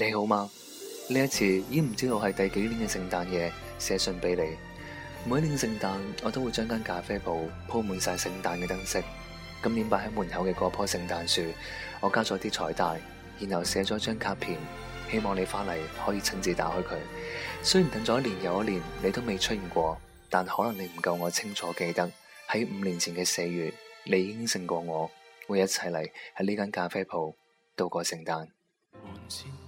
你好嗎？呢一次已經唔知道係第幾年嘅聖誕夜寫信俾你。每年聖誕我都會將間咖啡鋪鋪滿晒聖誕嘅燈飾。今年擺喺門口嘅嗰棵聖誕樹，我加咗啲彩帶，然後寫咗張卡片，希望你翻嚟可以親自打開佢。雖然等咗一年又一年，一年你都未出現過，但可能你唔夠我清楚記得。喺五年前嘅四月，你已經應承過我會一齊嚟喺呢間咖啡鋪度過聖誕。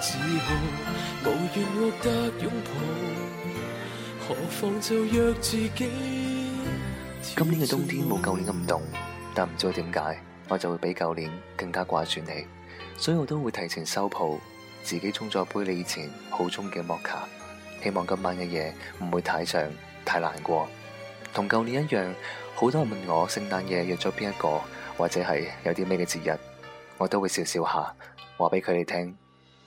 無緣獲得擁抱，何妨就約自己。今年嘅冬天冇舊年咁凍，但唔知點解，我就會比舊年更加掛住你，所以我都會提前收鋪，自己沖咗杯你以前好鍾嘅摩卡，希望今晚嘅夜唔會太長太難過。同舊年一樣，好多人問我聖誕夜約咗邊一個，或者係有啲咩嘅節日，我都會笑笑下，話俾佢哋聽。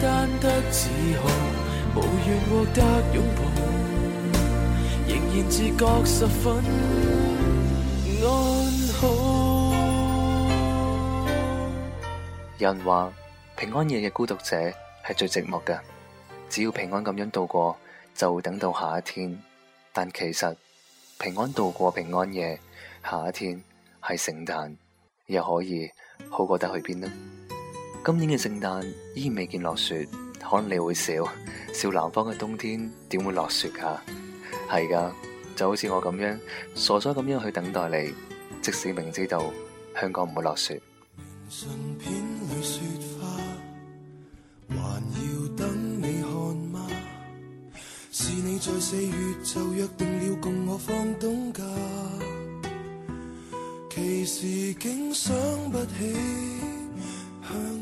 十分安好。有人話平安夜嘅孤獨者係最寂寞㗎，只要平安咁樣度過，就會等到下一天。但其實平安度過平安夜，下一天係聖誕，又可以好過得去邊呢？今年嘅聖誕依然未見落雪，可能你會笑，笑南方嘅冬天點會落雪㗎？係㗎，就好似我咁樣傻傻咁樣去等待你，即使明知道香港唔會落雪。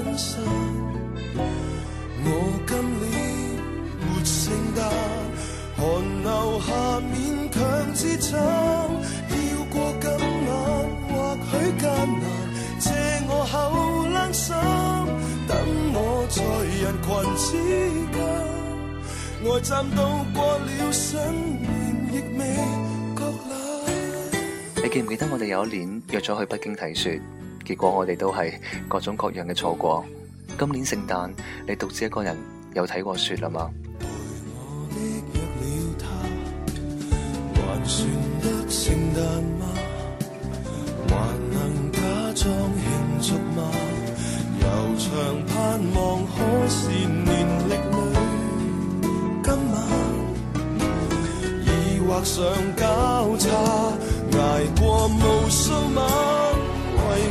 我你記唔記得我哋有一年約咗去北京睇雪？結果我哋都係各種各樣嘅錯過。今年聖誕，你獨自一個人有睇過雪啦嗎？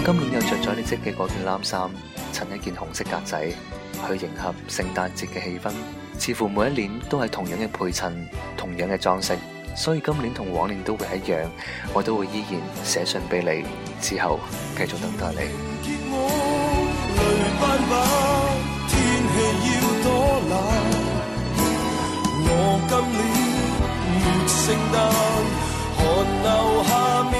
我今年又著咗你織嘅嗰件冷衫，襯一件紅色格仔，去迎合聖誕節嘅氣氛。似乎每一年都係同樣嘅配襯，同樣嘅裝飾，所以今年同往年都會一樣，我都會依然寫信俾你，之後繼續等待你。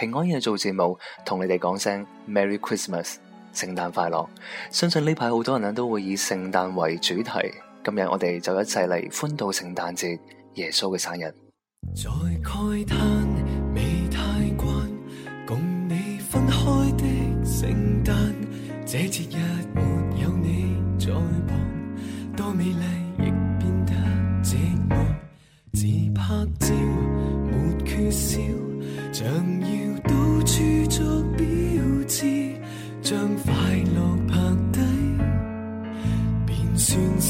平安夜做節目，同你哋講聲 Merry Christmas，聖誕快樂！相信呢排好多人呢都會以聖誕為主題。今日我哋就一齊嚟歡度聖誕節，耶穌嘅生日。在慨嘆未太慣，共你分開的聖誕，這節日沒有你在旁，多美麗亦變得寂寞。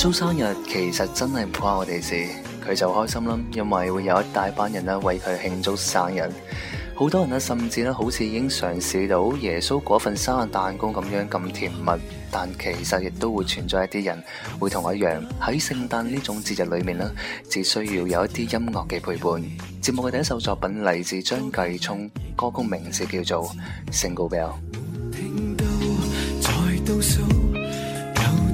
做生日其實真係唔關我哋事，佢就開心啦，因為會有一大班人咧為佢慶祝生日。好多人咧甚至咧好似已經嘗試到耶穌嗰份生日蛋糕咁樣咁甜蜜，但其實亦都會存在一啲人會同我一樣喺聖誕呢種節日裏面咧，只需要有一啲音樂嘅陪伴。節目嘅第一首作品嚟自張繼聰，歌曲名字叫做《Single Bell》。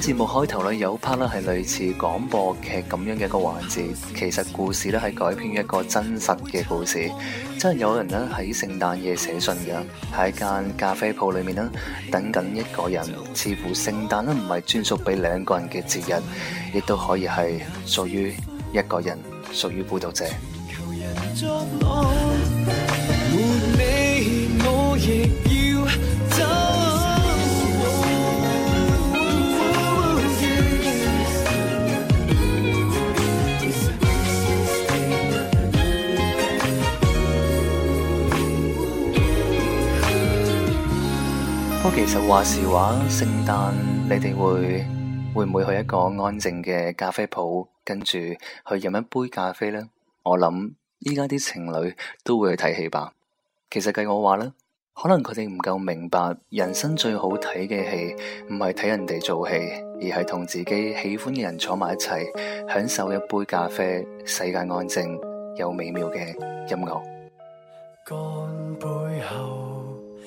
節目開頭咧有一 part 咧係類似廣播劇咁樣嘅一個環節，其實故事咧係改編一個真實嘅故事，真係有人咧喺聖誕夜寫信嘅，喺間咖啡鋪裏面咧等緊一個人，似乎聖誕咧唔係專屬俾兩個人嘅節日，亦都可以係屬於一個人，屬於孤獨者。其實話時話，聖誕你哋會會唔會去一個安靜嘅咖啡鋪，跟住去飲一杯咖啡呢？我諗依家啲情侶都會去睇戲吧。其實計我話咧，可能佢哋唔夠明白，人生最好睇嘅戲唔係睇人哋做戲，而係同自己喜歡嘅人坐埋一齊，享受一杯咖啡，世界安靜又美妙嘅音樂。乾杯後。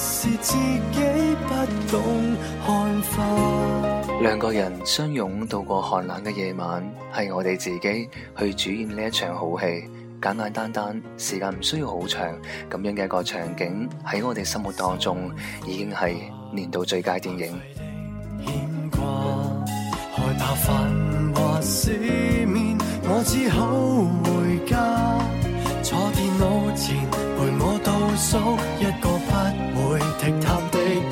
是自己不懂看，兩個人相擁度過寒冷嘅夜晚。係我哋自己去主演呢一場好戲。簡簡單單，時間唔需要好長，咁樣嘅一個場景喺我哋生活當中，已經係年度最佳電影。牽掛害怕繁華市面，我只好回家，坐電腦前陪我倒數。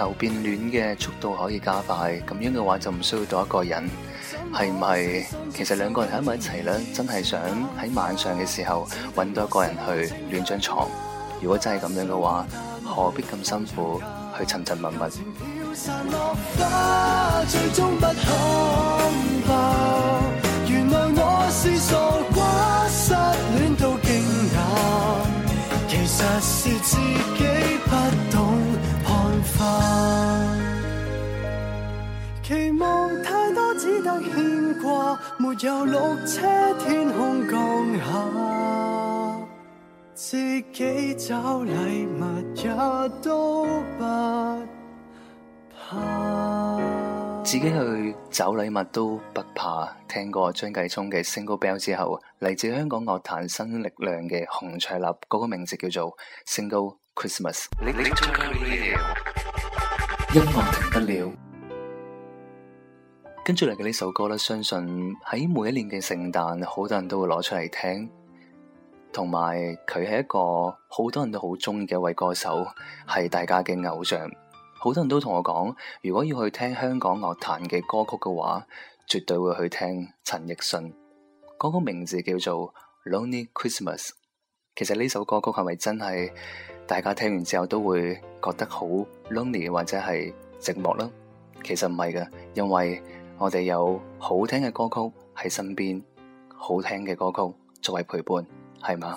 求變暖嘅速度可以加快，咁樣嘅話就唔需要多一個人，係唔係？其實兩個人喺埋一齊呢，真係想喺晚上嘅時候搵多一個人去暖張床。如果真係咁樣嘅話，何必咁辛苦去尋尋問問？天沒有車，天空降下，自己去找禮物也都不怕。自己去找禮物都不怕。聽過張繼聰嘅《Single Bell》之後，嚟自香港樂壇新力量嘅洪卓立，那個名字叫做《Single Christmas》。音樂停不了。跟住嚟嘅呢首歌咧，相信喺每一年嘅聖誕，好多人都會攞出嚟聽，同埋佢係一個好多人都好中意嘅一位歌手，係大家嘅偶像。好多人都同我講，如果要去聽香港樂壇嘅歌曲嘅話，絕對會去聽陳奕迅。歌曲名字叫做《Lonely Christmas》。其實呢首歌曲係咪真係大家聽完之後都會覺得好 lonely 或者係寂寞呢？其實唔係嘅，因為。我哋有好聽嘅歌曲喺身邊，好聽嘅歌曲作為陪伴，係嘛？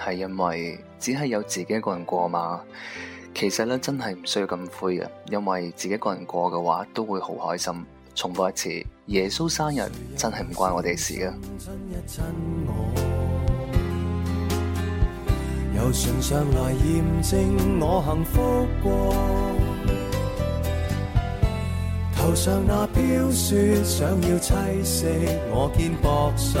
係因為只係有自己一個人過嘛，其實咧真係唔需要這咁灰嘅，因為自己一個人過嘅話都會好開心。重複一次，耶穌生日真係唔關我哋事嘅。親一親我，有唇上來驗證我幸福過，頭上那飄雪想要棲息我肩膊上。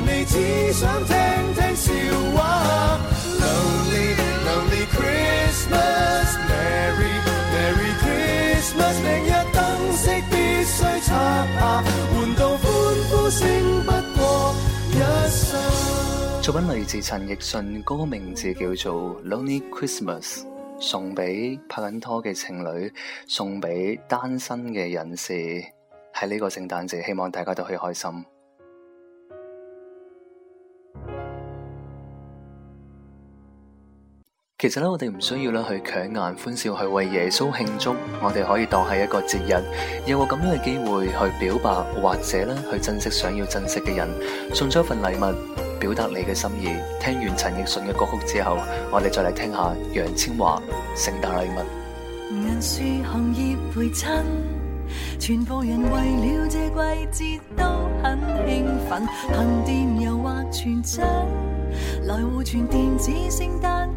你只想聽聽笑話 Lonely Lonely Christmas，Merry Merry Christmas，明日燈飾必須拆下，換到歡呼聲不過一生。作品來自陳奕迅，歌名字叫做 Lonely Christmas，送俾拍緊拖嘅情侶，送俾單身嘅人士，喺呢個聖誕節，希望大家都可以開心。其實咧，我哋唔需要咧去強顏歡笑去為耶穌慶祝，我哋可以當係一個節日，有個咁樣嘅機會去表白，或者咧去珍惜想要珍惜嘅人，送咗份禮物，表達你嘅心意。聽完陳奕迅嘅歌曲之後，我哋再嚟聽一下楊千嬅《聖誕禮物》。銀樹紅葉陪襯，全部人為了這季節都很興奮。憑電郵或傳真，來互傳電子聖誕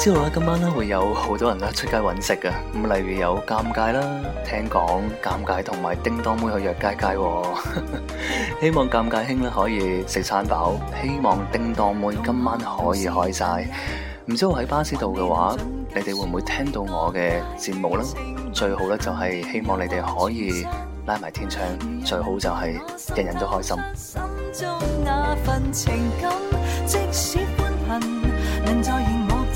知道今晚咧會有好多人咧出街揾食嘅，咁例如有尷尬啦，聽講尷尬同埋叮當妹去約街街，希望尷尬兄咧可以食餐飽，希望叮當妹今晚可以開晒。唔知道喺巴士度嘅話，你哋會唔會聽到我嘅節目呢？最好咧就係希望你哋可以拉埋天窗，最好就係人人都開心。心中那份情感，即使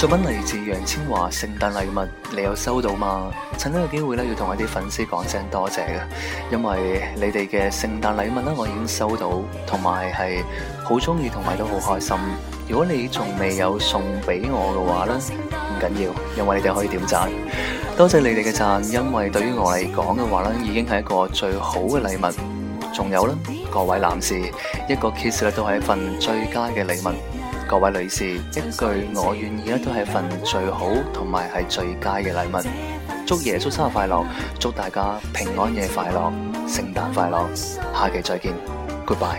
作品嚟自楊千嬅。聖誕禮物你有收到嗎？趁呢個機會咧，要同我啲粉絲講聲多謝嘅，因為你哋嘅聖誕禮物咧，我已經收到，同埋係好中意，同埋都好開心。如果你仲未有送俾我嘅話咧，唔緊要，因為你哋可以點讚。多謝你哋嘅讚，因為對於我嚟講嘅話咧，已經係一個最好嘅禮物。仲有咧，各位男士，一個 kiss 咧都係一份最佳嘅禮物。各位女士，一句我願意咧，都係一份最好同埋係最佳嘅禮物。祝耶穌生日快樂，祝大家平安夜快樂，聖誕快樂。下期再見，Goodbye。